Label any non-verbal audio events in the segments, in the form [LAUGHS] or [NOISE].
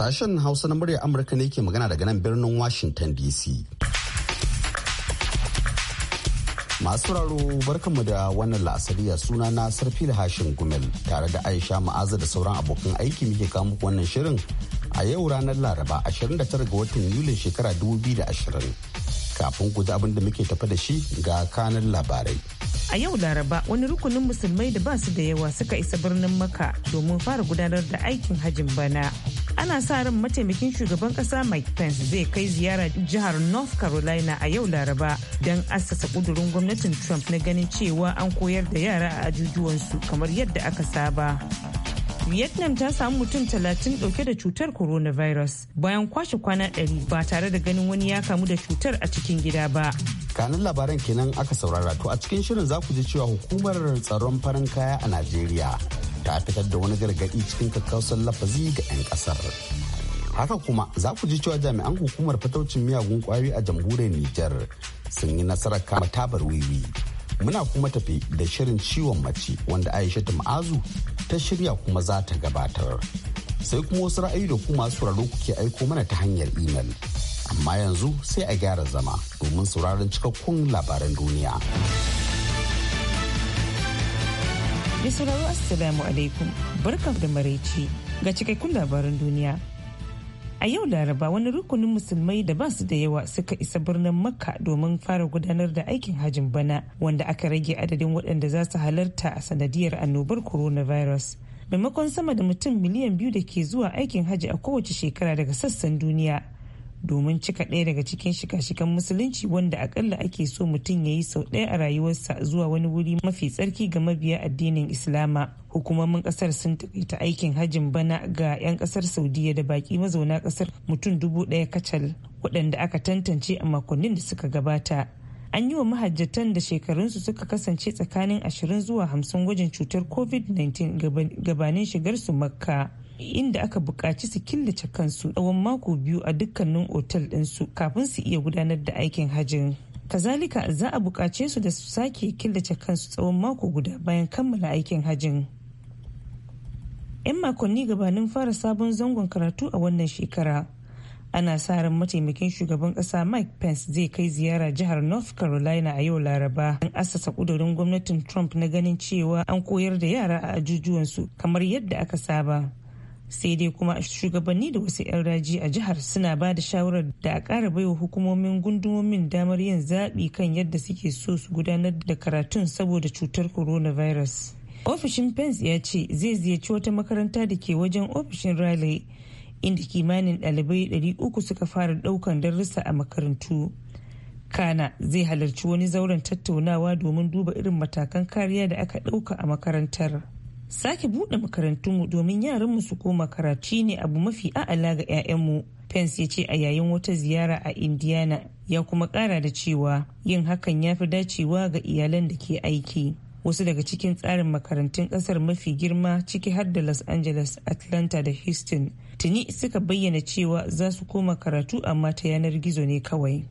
Sashen Hausa na murya Amurka ne ke magana daga nan birnin Washington DC. Masu raro barkanmu da wannan la'asariya suna na Sarfil Hashin Gumel tare da Aisha Ma'aza da sauran abokan aiki muke kamu wannan shirin a yau ranar Laraba 29 ga watan Yulin shekara 2020. Kafin guda abin da muke tafa da shi ga kanan labarai. A yau Laraba wani rukunin musulmai da ba su da yawa suka isa birnin maka domin fara gudanar da aikin hajin bana. ana sa ran mataimakin shugaban kasa mike pence zai kai ziyara jihar north carolina a yau laraba don assasa kudurin gwamnatin trump na ganin cewa an koyar da yara a ajujuwansu kamar yadda aka saba vietnam ta samu mutum 30 dauke da cutar coronavirus bayan kwashe kwana 100 ba tare da ganin wani ya kamu da cutar a cikin gida ba kanun labaran kenan aka saurara to a cikin shirin za ku ji cewa hukumar tsaron farin kaya a najeriya ta fitar da wani gargaɗi cikin kakkausar lafazi ga 'yan ƙasar. Haka kuma za ku ji cewa jami'an hukumar fataucin miyagun ƙwayoyi a jamhuriyar Nijar sun yi nasarar kama tabar wiwi. Muna kuma tafi da shirin ciwon mace wanda Aisha Ma'azu ta shirya kuma za ta gabatar. Sai kuma wasu ra'ayi da kuma masu sauraro kuke aiko mana ta hanyar imel. Amma yanzu sai a gyara zama domin sauraron cikakkun labaran duniya. Mai sauraro Assalamu alaikum barkan da maraici ga cikakkun labaran duniya. A yau Laraba wani rukunin musulmai da ba su da yawa suka isa birnin Makka domin fara gudanar da aikin hajin bana wanda aka rage adadin waɗanda za su halarta a sanadiyar annobar coronavirus. Maimakon sama da mutum miliyan biyu da ke zuwa aikin haji a kowace shekara daga sassan duniya. domin cika ɗaya daga cikin shika-shikan musulunci wanda akalla ake so mutum ya yi sau ɗaya a rayuwarsa zuwa wani wuri mafi tsarki ga mabiya addinin islama hukumomin ƙasar sun taƙaita aikin hajjin bana ga 'yan ƙasar saudiya da baƙi mazauna ƙasar mutum dubu ɗaya kacal waɗanda aka tantance a makonnin da suka gabata an yi wa mahajjatan da shekarunsu suka kasance tsakanin ashirin zuwa hamsin gwajin cutar covid-19 gabanin shigarsu makka inda aka buƙaci su killace kansu tsawon mako biyu a dukkanin otal ɗinsu kafin su iya gudanar da aikin hajjin. Kazalika za a buƙace su da su sake killace kansu tsawon mako guda bayan kammala aikin hajjin. 'Yan makonni gabanin fara sabon zangon karatu a wannan shekara. Ana sa ran mataimakin shugaban ƙasa Mike Pence zai kai ziyara jihar North Carolina a yau Laraba. An assasa ƙudurin gwamnatin Trump na ganin cewa an koyar da yara a ajujuwansu kamar yadda aka saba. sai dai kuma shugabanni da wasu 'yan raji a jihar suna ba da shawarar da a ƙara baiwa hukumomin gundumomin damar yin zaɓi kan yadda suke so su gudanar da karatun saboda cutar coronavirus ofishin pence ya ce zai ziyarci wata makaranta da ke wajen ofishin raleigh inda kimanin ɗalibai 300 suka fara ɗaukan darussa a makarantu kana zai halarci wani zauren tattaunawa domin duba irin matakan kariya da aka ɗauka a makarantar sake buɗe makarantunmu domin yaranmu su koma karaci ne abu mafi a'ala ga 'ya'yanmu pence ya ce a yayin wata ziyara a indiana ya kuma ƙara da cewa yin hakan ya fi dacewa ga iyalan da ke aiki wasu daga cikin tsarin makarantun ƙasar mafi girma ciki har da los angeles atlanta da houston tuni suka bayyana cewa za su koma karatu amma ta yanar gizo ne kawai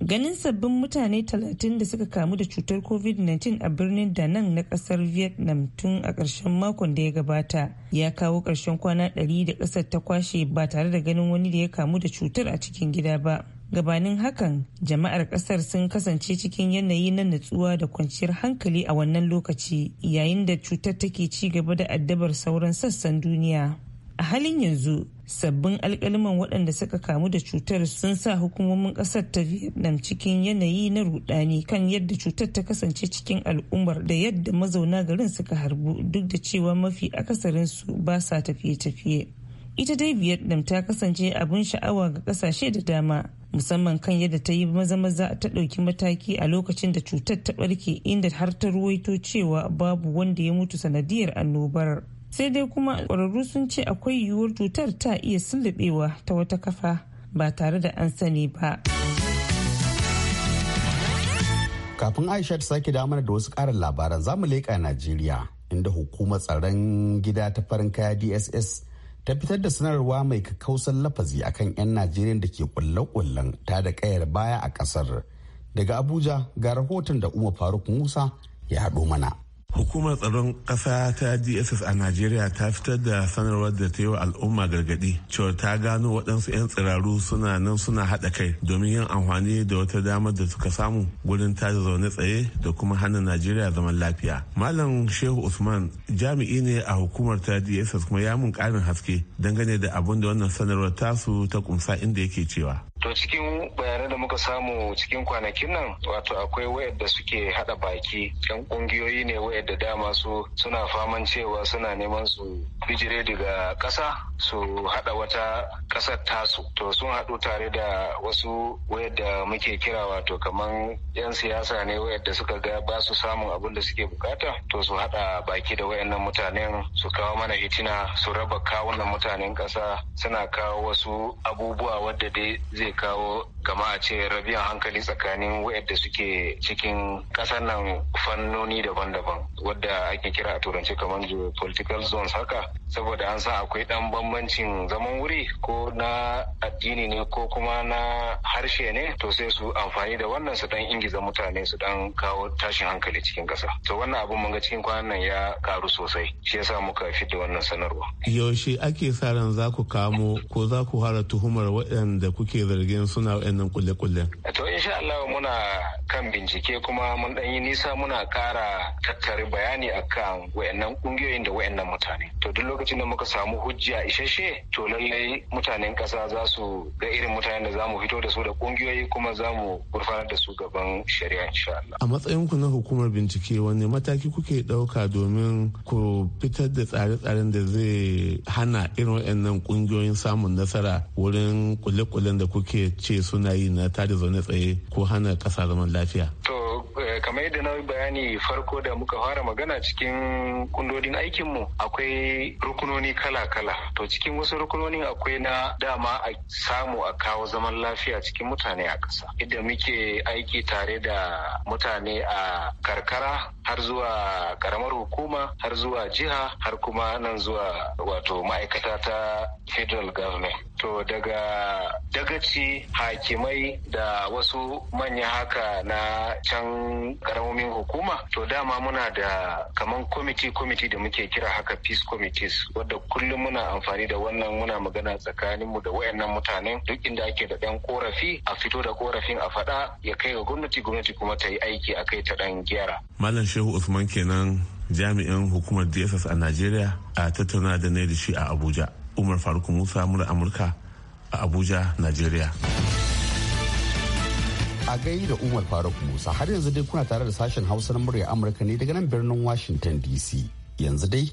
ganin sabbin mutane 30 da suka kamu da cutar covid-19 a birnin da nan na kasar vietnam tun a ƙarshen makon da ya gabata ya kawo ƙarshen kwana 100 da ƙasar ta kwashe ba tare da ganin wani da ya kamu da cutar a cikin gida ba gabanin hakan jama'ar kasar sun kasance cikin yanayi na natsuwa da kwanciyar hankali a wannan lokaci yayin da cutar take ci gaba da addabar sauran sassan duniya a halin yanzu sabbin alkaliman waɗanda suka kamu da cutar sun sa hukumomin ƙasar ta vietnam cikin yanayi na rudani kan yadda cutar ta kasance cikin al'ummar da yadda mazauna garin suka harbu duk da cewa mafi akasarinsu ba sa tafiye-tafiye ita dai vietnam ta kasance abin sha'awa ga kasashe da dama musamman kan yadda ta yi maza-maza ta ɗauki mataki a lokacin da cutar ta ɓarke inda har ta ruwaito cewa babu wanda ya mutu sanadiyar annobar sai dai kuma ƙwararru sun ce akwai yiwuwar cutar ta iya sulluɓewa ta wata kafa ba tare da an sani ba. kafin aisha ta sake damar da wasu karin labaran zamu leƙa najeriya inda hukumar tsaron gida ta farin kaya dss ta fitar da sanarwa mai kakkausan lafazi akan 'yan najeriya da ke kulle-kullen ta da kayar baya a kasar daga abuja ga rahoton da umar faruk musa ya haɗo mana Hukumar tsaron ƙasa ta DSS a Najeriya ta fitar da sanarwar da ta yi wa al'umma gargaɗi cewa ta gano waɗansu 'yan tsiraru suna nan suna haɗa kai domin yin amfani da wata damar da suka samu gurin ta da zaune tsaye da kuma hana Najeriya zaman lafiya. Malam Shehu Usman jami'i ne a hukumar ta DSS kuma ya mun ƙarin haske dangane da abin da wannan sanarwar tasu ta kumsa inda yake cewa. To cikin bayanai da muka samu cikin kwanakin nan wato akwai wayar da suke hada baki yan kungiyoyi ne da dama su suna faman cewa suna neman su bijire daga kasa su hada wata kasar tasu to sun hadu tare da wasu wayar da muke kira wato kamar yan siyasa ne wayar da suka ga ba su samun abin da suke bukata to su hada baki da wayannan mutanen su kawo mana hitina su raba kawunan mutanen kasa suna kawo wasu abubuwa wadda dai zai zai kama a ce rabiyan hankali tsakanin wayanda suke cikin kasar nan fannoni daban-daban wadda ake kira a turanci kamar political zones haka saboda an san akwai dan bambancin zaman wuri ko na addini ne ko kuma na harshe ne to sai su amfani da wannan su dan ingiza mutane su dan kawo tashin hankali cikin kasa to wannan abun mun ga cikin kwanan nan ya karu sosai shi yasa muka da wannan sanarwa yaushe ake sa ran za ku kamo ko za ku fara tuhumar waɗanda kuke zargin suna waɗannan kulle-kulle? To insha Allah muna kan bincike kuma mun dan yi nisa muna kara tattare bayani akan wayannan kungiyoyin da wayannan mutane to duk lokacin da muka samu hujja isasshe to lallai mutanen ƙasa za su ga irin mutanen da zamu fito da su da kungiyoyi kuma za mu gurfanar da su gaban shari'a insha Allah a matsayin ku na hukumar bincike wani mataki kuke ɗauka domin ku fitar da tsare-tsaren da zai hana irin wayannan kungiyoyin samun nasara wurin kule-kulen da kuke ce suna yi na tada zaune tsaye ko hana kasa zaman lafiya lafiya. To eh, kamar yadda na bayani farko da muka fara magana cikin kundodin aikinmu akwai rukunoni kala-kala. To cikin wasu rukunonin akwai na dama a samu a kawo zaman lafiya cikin mutane a ƙasa. Yadda muke aiki tare da mutane a karkara har zuwa karamar hukuma har zuwa jiha har kuma nan zuwa wato ma'aikata ta federal government. to daga dagaci hakimai da wasu manya haka na can karamomin hukuma to dama muna da kaman kwamiti kwamiti da muke kira haka peace committees wadda kullum muna amfani da wannan muna magana tsakaninmu da wayannan mutanen duk inda ake da dan korafi a fito da korafin a faɗa ya kai ga gwamnati gwamnati kuma ta yi aiki a kai ta ɗan gyara malam shehu usman kenan jami'in hukumar dss a najeriya a tattauna da ne da shi a abuja umar faruk musa mura amurka a abuja nigeria a gai da umar faruk musa har yanzu dai kuna tare da sashen hausa na murya amurka ne daga nan birnin washington dc yanzu dai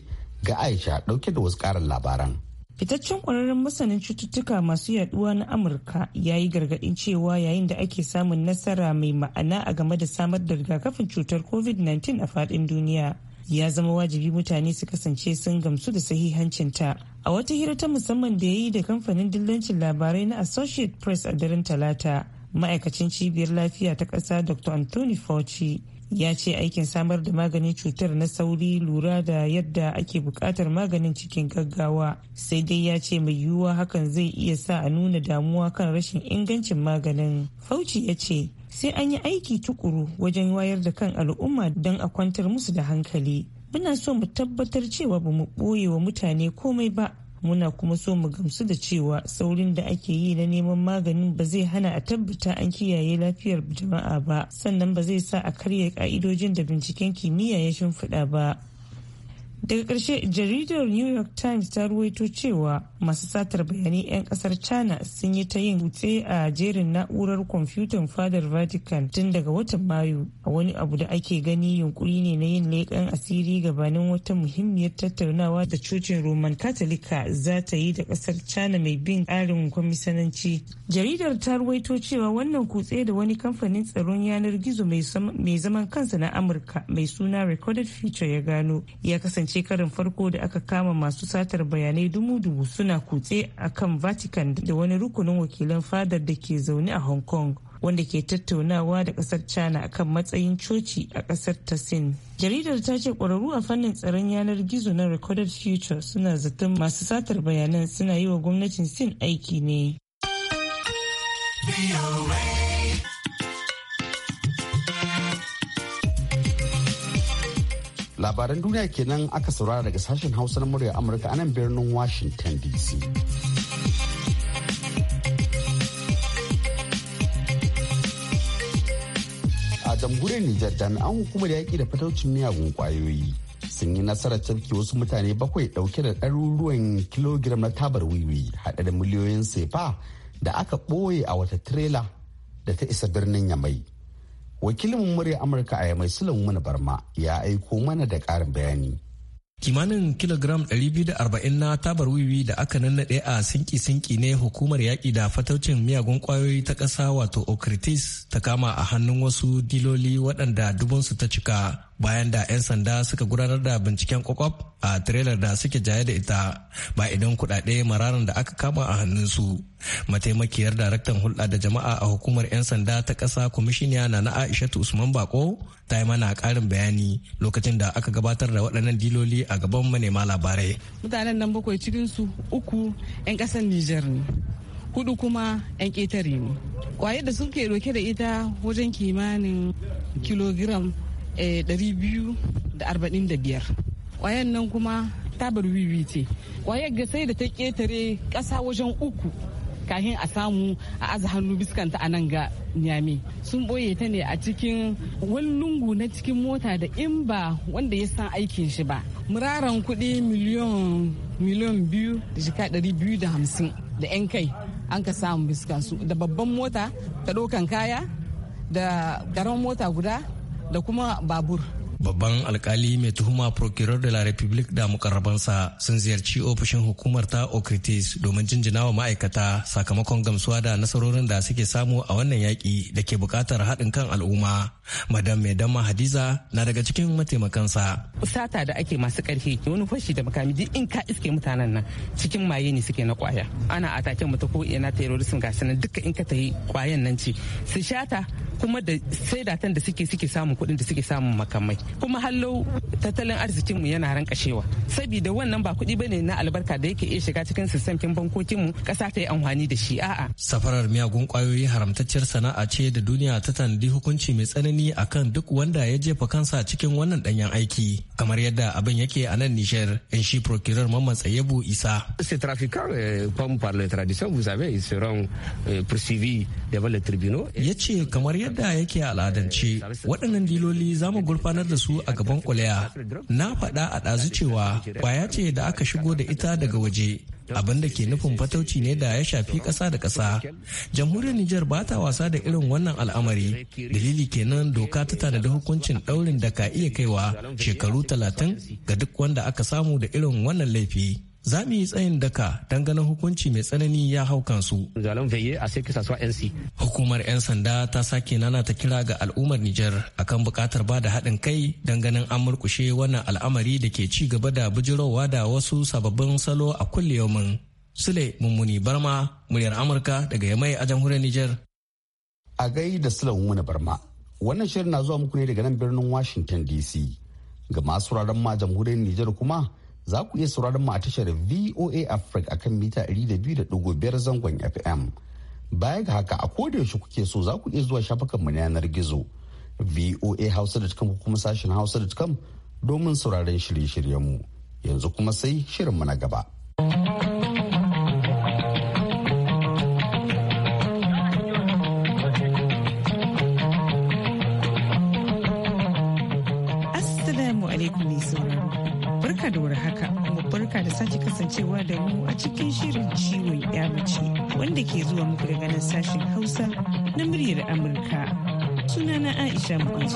ga aisha dauke da wasu karin labaran fitaccen kwararren masanin cututtuka masu yaduwa na amurka ya yi gargadin cewa yayin da ake samun nasara mai ma'ana a game da samar da rigakafin cutar covid-19 a fadin duniya ya zama wajibi mutane su kasance sun gamsu da sahihancinta a wata hira ta musamman da ya yi da kamfanin dillancin labarai na associate press a daren talata ma'aikacin cibiyar lafiya ta ƙasa dr anthony fauci ya ce aikin samar da maganin cutar na sauri lura da yadda ake buƙatar maganin cikin gaggawa sai dai ya ce mai yiwuwa hakan zai iya sa a nuna damuwa kan rashin ingancin maganin fauci ya ce sai an yi aiki tukuru wajen wayar da kan al'umma don a kwantar musu da hankali muna so mu tabbatar cewa ba mu ɓoye wa mutane komai ba muna kuma so mu gamsu da cewa saurin da ake yi na neman maganin ba zai hana a tabbata an kiyaye lafiyar jama'a ba sannan ba zai sa a karya ka'idojin da binciken kimiyya ya shimfiɗa ba daga ƙarshe jaridar new york times ta ruwaito cewa masu satar bayanai 'yan ƙasar china sun yi ta yin kutse a jerin na'urar kwamfutan fadar vatican tun daga watan mayu a wani abu da ake gani yunkuri ne na yin leƙen asiri gabanin wata muhimmiyar tattaunawa da cocin roman katolika za ta yi da ƙasar china mai bin tsarin kwamisananci jaridar ta ruwaito cewa wannan kutse da wani kamfanin tsaron yanar gizo mai zaman kansa na amurka mai suna recorded feature ya gano ya kasance ce karin farko da aka kama masu satar bayanai dubu dubu suna kutse a kan vatican da wani rukunin wakilan fadar da ke zaune a hong kong wanda ke tattaunawa da kasar china akan matsayin coci a kasar ta sin jaridar ta ce kwararru a fannin tsaron yanar gizo na recorded future suna zaton masu satar bayanan suna yi wa gwamnatin sin aiki ne. labaran duniya kenan aka saurara daga sashen hausa na murya amurka anan birnin washington dc a jamhuriyar nijar jami'an hukumar yaƙi da fataucin miyagun ƙwayoyi sun yi nasarar cafke wasu mutane bakwai ɗauke da ɗaruruwan kilogiram na tabar wiwi haɗe da miliyoyin sefa da aka ɓoye a wata tirela da ta isa birnin yamai wakilin murya amurka a mai sulaimu mana barma ya aiko mana da karin bayani kimanin kilogram 240 na tabar wiwi da aka nannaɗe a sinki-sinki ne hukumar yaƙi da fataucin miyagun ƙwayoyi ta ƙasa wato okritis ta kama a hannun wasu diloli waɗanda dubansu ta cika bayan da 'yan sanda suka gudanar da binciken kwakwaf a trailer da suke jaye da ita ba idan kudade mararan da aka kama a hannunsu mataimakiyar daraktan hulɗa da jama'a a hukumar 'yan sanda ta ƙasa kwamishiniya na na aishatu usman bako ta yi mana ƙarin bayani lokacin da aka gabatar da waɗannan diloli a gaban manema labarai mutanen nan bakwai cikinsu uku 'yan ƙasar nijar ne hudu kuma 'yan ƙetare ne kwaye da suke ɗauke da ita wajen kimanin kilogiram 245 eh, kwayan nan kuma tabar wiwi ce kwayar ga sai da ta ketare ƙasa wajen uku kahin a samu a aza hannu biskanta a nan ga nyame sun boye ta ne a cikin wani lungu na cikin mota da in ba wanda ya san aikin shi ba muraran kudi miliyon miliyon biyu da shika dari biyu da hamsin da yan kai an ka samu biskansu da babban mota ta ɗaukan kaya da ƙaramin mota guda da kuma babur babban alkali mai tuhuma procureur de la republique da mukarrabansa sun ziyarci ofishin hukumar ta okritis domin jinjina wa ma'aikata sakamakon gamsuwa da nasarorin da suke samu a wannan yaƙi da ke buƙatar haɗin kan al'umma madam mai dama hadiza na daga cikin mataimakansa sata da ake masu karfi wani fashi da makami duk in ka iske mutanen nan cikin maye ne suke na kwaya ana ataken mu ta ko ina terrorism ga sanan duka in ka yi kwayan nan ce su shata kuma da sai datan da suke suke samun kuɗin da suke samun makamai kuma hallo tattalin arzikin mu yana rankashewa saboda wannan ba kuɗi bane na albarka da yake iya shiga cikin sistemkin bankokin mu kasa ta yi amfani da shi a'a safarar miyagun kwayoyi haramtacciyar sana'a ce da duniya ta tanadi hukunci mai tsanani a akan duk wanda ya jefa kansa cikin wannan danyen aiki kamar yadda abin yake a nan nishar in shi procureur Mamman Tsayebu Isa. trafiquant euh, comme par tradition vous savez, ils seront euh, poursuivis devant les tribunaux. Ya ce kamar yadda yake a al'adance waɗannan diloli za mu gurfanar da su a gaban kwalaya. Na faɗa a ɗazu cewa kwaya ce da aka shigo da ita daga waje abin da ke nufin fatauci ne da ya shafi ƙasa da ƙasa jamhuriyar nijar ba ta wasa da irin wannan al'amari dalili kenan doka ta tanadi hukuncin ɗaurin da ka iya kaiwa shekaru talatin ga duk wanda aka samu da irin wannan laifi za mu yi tsayin daka don ganin hukunci mai tsanani ya hau kansu. Hukumar 'yan sanda ta sake nana ta kira ga al'ummar Nijar akan bukatar ba da haɗin kai don ganin an murkushe wannan al'amari da ke ci gaba da bujirowa da wasu sababbin salo a kulle yaumin. Sule Mummuni Barma, muryar Amurka daga Yamai a jamhuriyar Nijar. A gai da Sule Mummuni Barma, wannan shirin na zuwa muku ne daga nan birnin Washington DC. Ga masu ma jamhuriyar Nijar kuma, za ku iya sauraron mu a tashar VOA Africa akan mita biyar zangon FM. Baya ga haka a yaushe kuke so za ku iya zuwa shafukan mu na yanar gizo voa da ko kuma sashen hausa.com domin sauraron shirye shiryen mu Yanzu kuma sai shirin mu na gaba. kasancewa da mu a cikin shirin ciwon ya mace wanda ke zuwa muku daga nan sashen Hausa na muryar Amurka. Sunana Aisha mai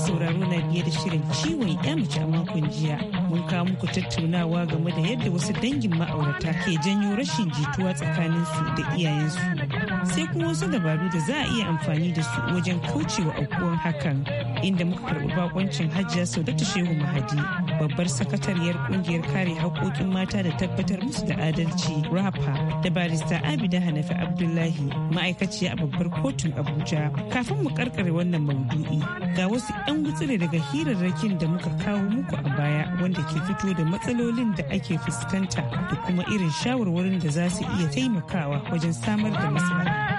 sauraro na biye da shirin ciwon ya mace a makon jiya mun kawo muku tattaunawa game da yadda wasu dangin ma'aurata ke janyo rashin jituwa tsakaninsu da iyayensu sai kuma wasu dabaru da za a iya amfani da su wajen kaucewa aukuwar hakan. inda muka karɓi bakoncin hajiya saudatu shehu mahadi babbar sakatariyar kungiyar kare haƙoƙin mata da tabbatar musu da adalci rapa da barista abida hanafi abdullahi ma'aikaciya a babbar kotun abuja kafin mu karkare wannan maudu'i ga wasu 'yan gutsire daga hirarrakin da muka kawo muku a baya wanda ke fito da matsalolin da ake fuskanta da kuma irin shawarwarin da za su iya taimakawa wajen samar da maslaha.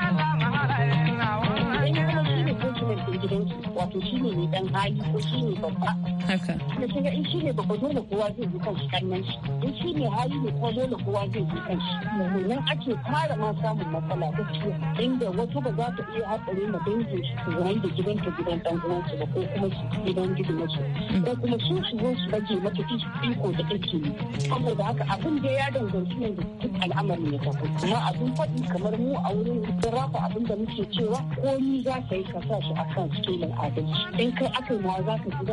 wato shi ne mai dan hali ko shi ne babba haka da shi in shi ne babba dole kowa zai yi kanshi kannan shi in shi ne hali ne kuma dole kowa zai yi kanshi domin ake fara ma samun matsala gaskiya inda wata ba za ta iya hatsari ma dangin shi su da gidanta gidan dan uwansu ba ko kuma su gidan gidansu ko kuma su su su baje mata iko da take yi saboda haka abin da ya danganci ne da duk al'amarin ya tafi kuma abin faɗi kamar mu a wurin sarrafa abin da muke cewa ko ni za ka yi ka sa shi akan cikin adalci in kai aka ma za ka ji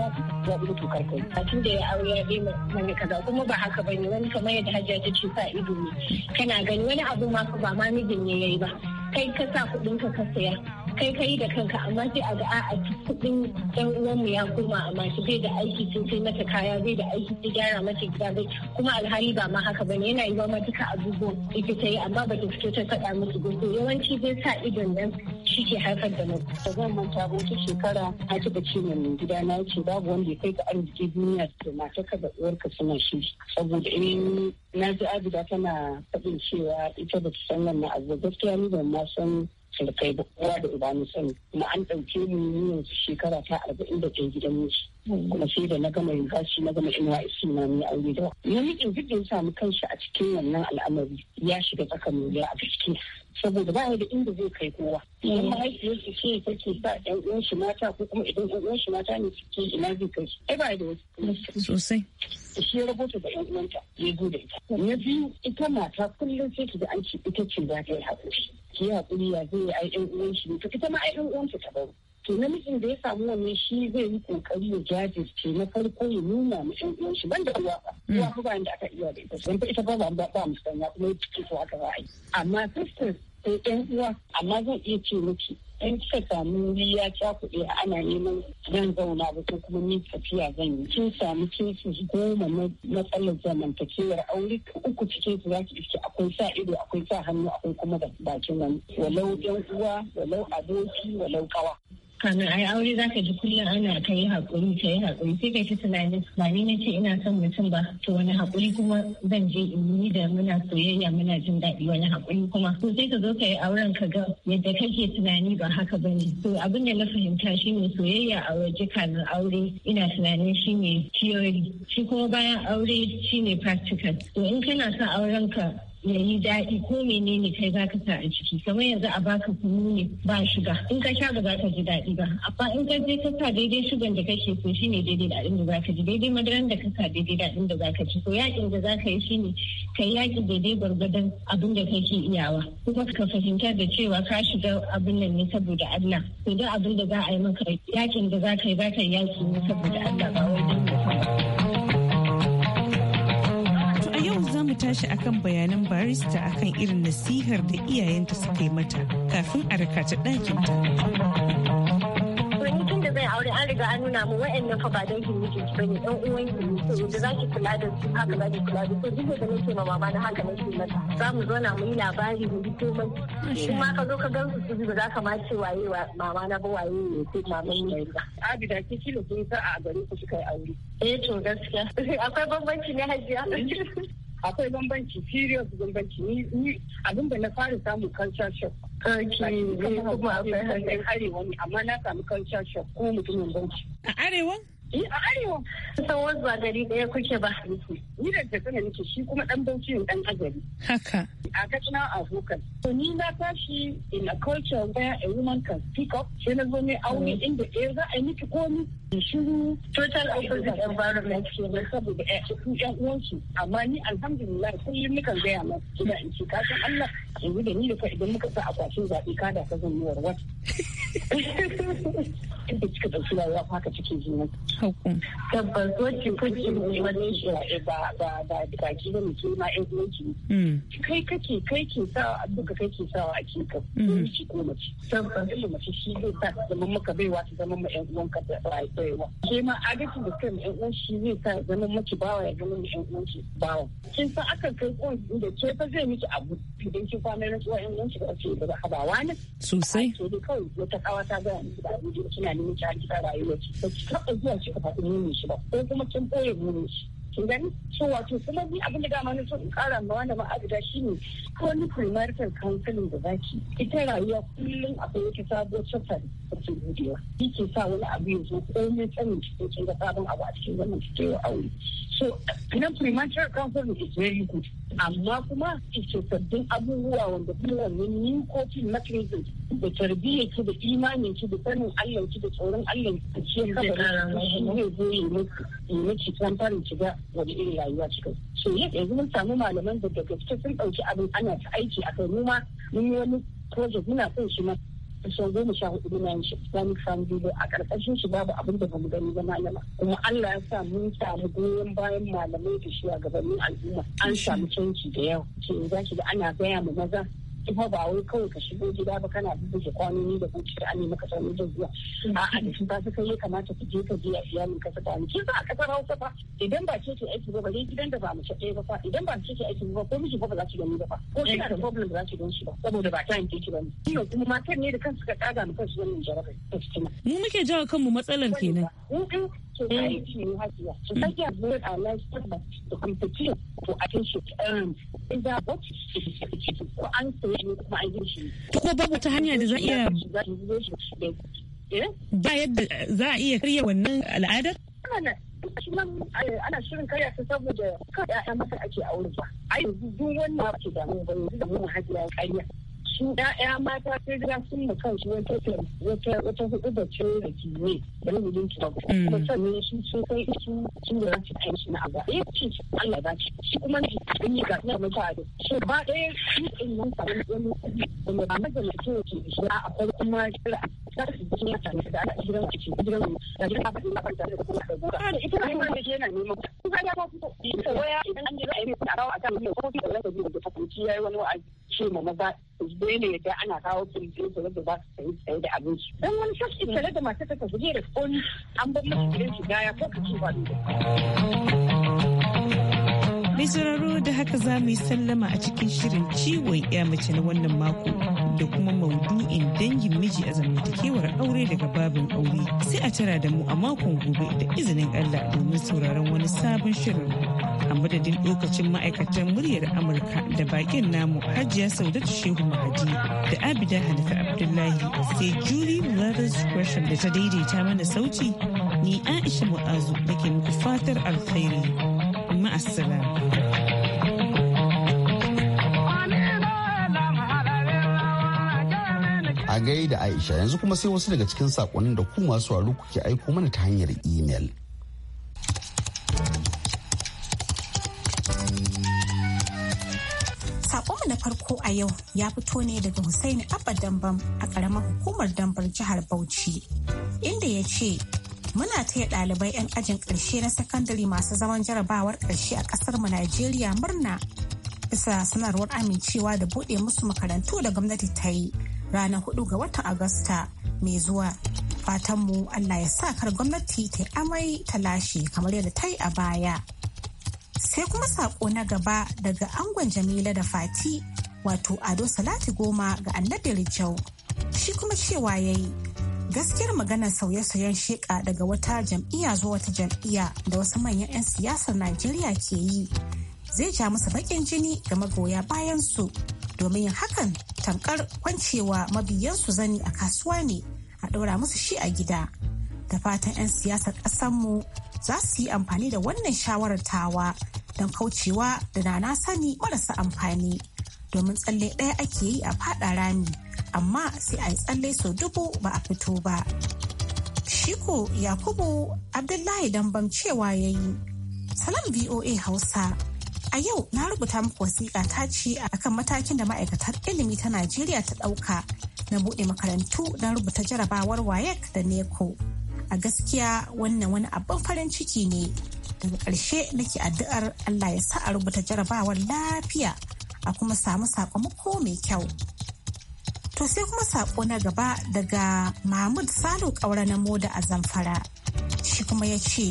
daɗi mutu karkai a tun da ya aure ya ma mai kaza kuma ba haka ba ne wani kamar yadda hajjia ta ce sa ido ne kana gani wani abu ma ba ma mijin ne yi ba kai ka sa kuɗinka ka ka saya kai kai da kanka amma sai a ga a kuɗin ɗan uwan ya koma amma shi zai da aiki sai kai mata kaya zai da aiki sai gyara mata gida bai kuma alhali ba ma haka bane yana yiwa ma duka abubuwan ita ta yi amma ba ta fito ta faɗa musu gudu yawanci zai sa idon nan shi ke haifar da mutu. Da zan manta wata shekara a ci da mai mai gida na ce babu wanda ya kai ka arziki duniya to mata ka da uwarka suna shi saboda in na ji abida tana faɗin cewa ita ba ta san wannan abu gaskiya ni ban ma san sulkai ba kowa da uba ni sani kuma an ɗauke mu yanzu shekara ta arba'in da ta gidan miji kuma sai da na gama shi na gama inuwa isi na ni aure da ni duk in ya samu kanshi a cikin wannan al'amari ya shiga tsakan ya a ciki. saboda ba da inda zai kai kowa idan mahaifiyarsa ce take ba ɗan uwan shi mata ko kuma idan ɗan uwan shi mata ne suke ina zai kai shi ai ba da wasu sosai shi ya rabota da 'yan uwanta ya zo da ita. Na biyu ita mata kullum sai ki ga an ita ce za ta yi haƙuri. Ki yi haƙuri ya zai yi ai 'yan uwan shi ne, ita ma ai 'yan uwanta ta baro. to namijin da ya samu wannan shi zai yi kokari ya jajirce na farko ya nuna ma ƴan uwan shi ban da uwa ba hmm. uwa ba bayan da aka iya da ita don ita ba ba ba mu sanya kuma yi cike su haka ba ai amma sisters sai ɗan uwa amma zan iya ce miki in kika samu ya cakuɗe ana neman zan zauna ba ko kuma ni tafiya zan yi kin samu kesi goma na matsalar zamantakewar aure uku cikin su za ki iske akwai sa ido akwai sa hannu akwai kuma bakin wani walau yan uwa walau aboki walau kawa kamin ai aure za ka ji kullum ana ka yi haƙuri ka yi haƙuri sai ka ci tunanin ba ni na ce ina son mutum ba to wani haƙuri kuma zan je in yi da muna soyayya muna jin daɗi wani haƙuri kuma to sai ka zo ka yi auren ka ga yadda kake tunani ba haka ba ne to abin da na fahimta shi ne soyayya a waje kamin aure ina tunanin shi ne theory shi kuma bayan aure shi ne practical to in kana son auren ka ya yi daɗi ko menene kai zaka sa a ciki kamar yanzu a baka kunu ne ba shuga in ka sha ba za ji daɗi ba amma in ka je ka sa daidai shugan da kake so shine daidai daɗin da za ka ji daidai madaran da ka sa daidai daɗin da za ka ji to yakin da za ka yi shine ka yi yakin daidai gwargwadon abin da kake iyawa kuma ka fahimtar da cewa ka shiga abin nan ne saboda Allah to duk abin da za a yi maka yakin da za ka yi za ka yi yaki ne saboda Allah ba wai don mu tashi akan bayanan barista akan irin nasihar da iyayenta suka yi mata kafin a raka ta ɗakinta. da zai aure an riga an nuna mu wa'annan fa ba don ki miji ba ne dan uwan ki ne da za ki kula da su haka za ki kula da su duk da nake ma mama na haka nake mata za mu zauna mu yi labari mu bi komai in ma ka zo ka gan su ba za ka ma ce waye mama na ba waye ne ko mama ne ba da ki kilo kun sa a gare ku suka yi aure eh to gaskiya [LAUGHS] akwai bambanci ne hajiya [LAUGHS] akwai bambanci serious bambanci ni abin da na fara samun culture shock kuma akwai arewa ne amma na samu culture shock ko mutumin banki a arewa eh, a arewa kusan wasu ba gari ɗaya kuke ba ni da katsina nake shi kuma dan bauchi ne dan azari haka a katsina a hukar to ni na tashi in a culture where a woman can speak up sai na zo ne aure inda ɗaya za a yi miki komi shiru total opposite environment ke na saboda su yan uwansu amma ni alhamdulillah kullum kan gaya ma ina in ce ka san Allah yi da ni da kai idan muka sa akwatin zaɓe ka da ka zan yi warwar inda kika ɗauki rayuwa haka cikin jini tabbas wacce kuke wani shi ba ba ba ba ba mutum ma ɗan uwanki hmm. kai kake kai ke sawa duka kai ke sa a cikin ka ko hmm. ko mace tabbas da mace shi zai sa ta zama maka baiwa ta zama ma ɗan ka da rayuwa ke ma adalcin da kai ɗan uwan shi zai sa zama maki bawa ya zama ma uwan shi bawa kin san akan kai ko da ke fa zai miki abu idan kin kwana na zuwa ɗan shi ba ce ba haba wani sosai to dai kawai wata kawa ta ga ni da abu kina neman ki a kika rayuwa ki ba ki taɓa zuwa ka faɗi mini shi ba ko kuma kin ɓoye mini shi kin gani so wato kuma ni abin da dama na so kara ma wanda ne. shine wani primarital counseling da zaki ita rayuwa kullum akwai wata sabuwar safari da ke budewa shi ke sa wani abu ya zo komai tsanin cikin da ga sabon abu a cikin wannan cikin aure so na primarital counseling is very good amma kuma ita sabbin abubuwa wanda kuma wannan new coping mechanism da tarbiyyar ki da imanin ki da sanin Allah ki da tsoron Allah ki ke kafa shi ne zai yi miki yi miki kamfanin ki ga wani irin rayuwa cikin so yi ɗaya mun samu malaman da daga cikin sun ɗauki abin ana ta aiki a kai noma mun yi wani project muna son shi ma kusan goma sha hudu muna yin shi islamic family law a ƙarƙashin shi babu abin da bamu gani ba malama kuma Allah ya sa mun samu goyon bayan malamai da shi a gabanin al'umma an samu canji da yawa ce za ki ga ana gaya ma maza kuma ba wai kawai ka shigo gida ba kana bubbuge kwanoni da kira an maka sanin da zuwa a da shi ba su kai kamata ku je ka je a iyalin ka saka ki za a kasar Hausa ba idan ba ce ke aiki ba bare gidan da ba mu ɗaya ba fa idan ba ce ke aiki ba ko miji ba ba za ki gani ba fa ko shi da problem ba za ki gan shi ba saboda ba time kike ba ne kino kuma matan ne da kansu ka kaga mu kansu wannan jarabar mu muke jawo kanmu matsalan kenan society has to society our lives for attention um that ko an kuma an to babu ta hanya da za iya ba yadda za a iya karya wannan al'adar ana shirin karya ta saboda kada ya masa ake aure ba ai duk wannan ba ke damu ba yanzu da mu hajiya karya su ƴaƴa mata sai gida sun mu kansu wata wata wata hudu da ce da da mm. kuma sannan su sun su su da su kai su na eh, Allah ba shi kuma ne in yi ga na mutane shi ba ɗaya shi nan wani wani ne ce shi a kuma kira za su da gidan ce gidan da gidan da kuma da gura da ita ke neman ga ya ba ko ya idan an a yi ku da a kan ne ko da da ta wani wa'azi ce maza zai ne da ana kawo kirgin su da za su sayi sayi da abinci don wani shafi tare da masu kasa da koni an bar masu kirin gaya ko ka ci ba Mai da haka za mu yi sallama a cikin shirin ciwon ya mace na wannan mako da kuma maudu'in dangin miji a zamantakewar aure daga babin aure sai a tara da mu a makon gobe da izinin Allah domin sauraron wani sabon shirin. a madadin lokacin ma'aikatan muryar amurka da bakin namu hajiya saudatu shehu mahadi da abida hanifa abdullahi sai juri brothers question da ta daidaita mana sauti ni aisha mu'azu da ke muku fatar alkhairi ma'asala a gaida aisha yanzu kuma sai wasu daga cikin sakonnin da ku masu kuke aiko mana ta hanyar imel. farko a yau ya fito ne daga Hussaini Abba Dambam a ƙaramar hukumar Dambar jihar Bauchi, inda ya ce muna taya ɗalibai 'yan ajin ƙarshe na sakandare masu zaman jarabawar ƙarshe a ƙasar mu Najeriya murna bisa sanarwar amincewa da buɗe musu makarantu da gwamnati ta yi ranar hudu ga watan Agusta mai zuwa. Fatanmu Allah ya sa kar gwamnati ta amai ta lashe kamar yadda ta yi a baya. sai kuma sako na gaba daga angon jamila da fati wato ado salati goma ga annabi rijau shi kuma cewa ya yi gaskiyar maganar sauye-sauyen sheƙa daga wata jam'iyya zuwa wata jam'iyya da wasu manyan 'yan siyasar najeriya ke yi zai ja musu baƙin jini ga magoya bayan su domin yin hakan tamkar kwancewa mabiyansu zani a kasuwa ne a ɗora musu shi a gida da fatan 'yan siyasar mu za su yi amfani da wannan shawarar tawa don kaucewa da na sani marasa amfani domin tsalle ɗaya ake yi a faɗa rami amma sai a yi tsalle sau dubu ba a fito ba. Shiko Yakubu Abdullahi Dambam cewa ya yi. Salam VOA Hausa. A yau na rubuta muku wasiƙa ta ce akan matakin da ma'aikatar ilimi ta Najeriya ta ɗauka na buɗe makarantu don rubuta jarabawar WAEC da NECO. A gaskiya wannan wani abin farin ciki ne. Daga ƙarshe nake addu'ar Allah ya sa a rubuta jarabawar lafiya a kuma samu sakamako mai kyau. To sai kuma sako na gaba daga Mahmud Salo Kaura na Moda a Zamfara. Shi kuma ya ce,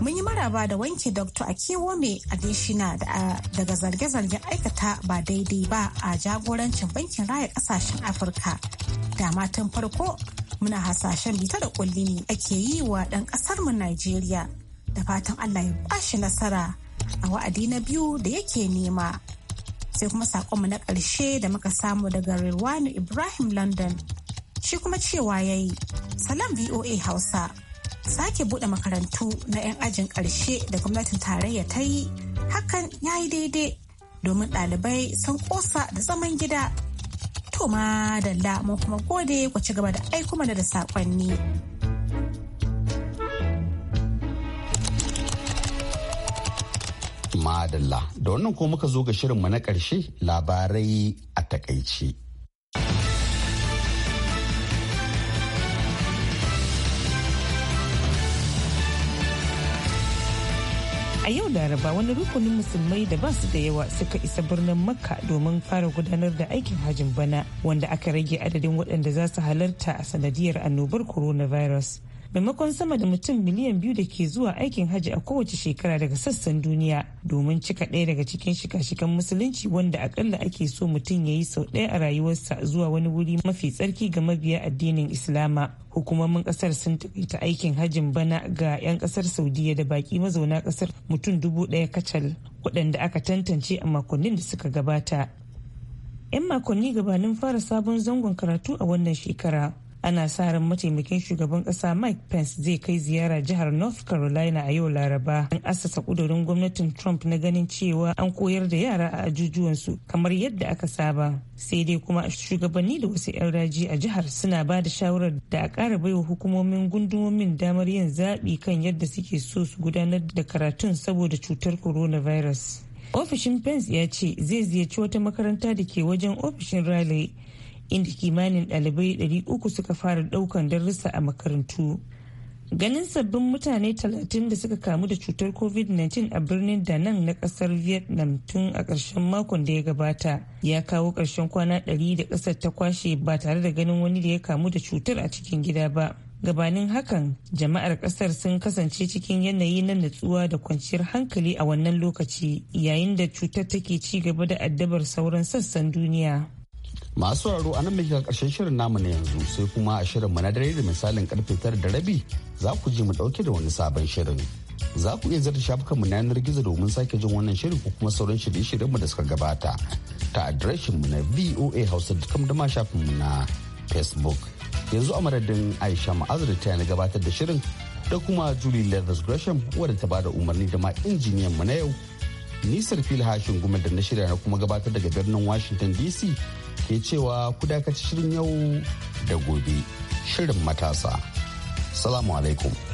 Mun yi maraba da wanke Dr. mai Adeshina daga zarge-zargen aikata ba daidai ba a jagorancin bankin raya kasashen Afirka. Da matan farko muna hasashen bita da kulli ne ake yi wa ɗan ƙasarmu Najeriya. Da fatan Allah ya bashi nasara a wa'adi na biyu da yake nema. sai kuma sakonmu na ƙarshe da muka samu daga Rilwanu Ibrahim London. Shi kuma cewa ya yi, Salam VOA Hausa, sake buɗe makarantu na 'yan ajin ƙarshe da gwamnatin tarayya ta yi, hakan ya yi daidai domin ɗalibai sun ƙosa da zaman gida. To ma da mun kuma gode ku ci gaba da aiko mana da saƙonni. Madalla, da wannan ko muka zo ga shirinmu na ƙarshe labarai a takaice. A yau Laraba wani rukunin musulmai da ba su da yawa suka isa birnin Makka domin fara gudanar da aikin hajin bana wanda aka rage adadin waɗanda za su halarta a sanadiyar annobar coronavirus. maimakon sama da mutum miliyan biyu da ke zuwa aikin hajji a kowace shekara daga sassan duniya domin cika ɗaya daga cikin shika-shikan musulunci wanda akalla ake so mutum ya yi sau ɗaya a rayuwarsa zuwa wani wuri mafi tsarki ga mabiya addinin islama hukumomin ƙasar sun taƙaita aikin hajjin bana ga 'yan kasar saudiya da baƙi mazauna ƙasar mutum dubu ɗaya kacal waɗanda aka tantance a makonnin da suka gabata 'yan makonni gabanin fara sabon zangon karatu a wannan shekara ana sa ran mataimakin shugaban kasa mike pence zai kai ziyara jihar north carolina a yau laraba an asasa kudurin gwamnatin trump na ganin cewa an koyar da yara a ajujuwansu kamar yadda aka saba sai dai kuma shugabanni da wasu 'yan raji a jihar suna ba da shawarar da a kara baiwa hukumomin gundumomin damar yin zaɓi kan yadda suke so su gudanar da karatun saboda cutar coronavirus ofishin pence ya ce zai ziyarci wata makaranta da ke wajen ofishin raleigh inda kimanin ɗalibai 300 suka fara ɗaukan darussa a makarantu. Ganin sabbin mutane 30 da suka kamu da cutar COVID-19 a birnin da nan na ƙasar Vietnam tun a ƙarshen makon da ya gabata ya kawo ƙarshen kwana 100 da ƙasar ta kwashe ba tare da ganin wani da ya kamu da cutar a cikin gida ba. Gabanin hakan, jama'ar ƙasar sun kasance cikin yanayi na natsuwa da kwanciyar hankali a wannan lokaci yayin da cutar take ci gaba da addabar sauran sassan duniya. masu sauraro a nan ga karshen shirin namu na yanzu sai kuma a shirin mu na dare da misalin karfe tara da rabi za ku ji mu dauke da wani sabon shirin za ku iya zarta shafukanmu na yanar gizo domin sake jin wannan shirin ko kuma sauran shirye-shiryenmu da suka gabata ta adireshin mu na voa hausa da kuma dama mu na facebook yanzu a madadin aisha ma'azir ta na gabatar da shirin da kuma julie leathers gresham wadda ta bada umarni da ma injiniyan mu na yau nisar fil hashin gumar da na shirya na kuma gabatar daga birnin washington dc ke cewa ku dakaci shirin yau da gobe shirin matasa. Salamu alaikum.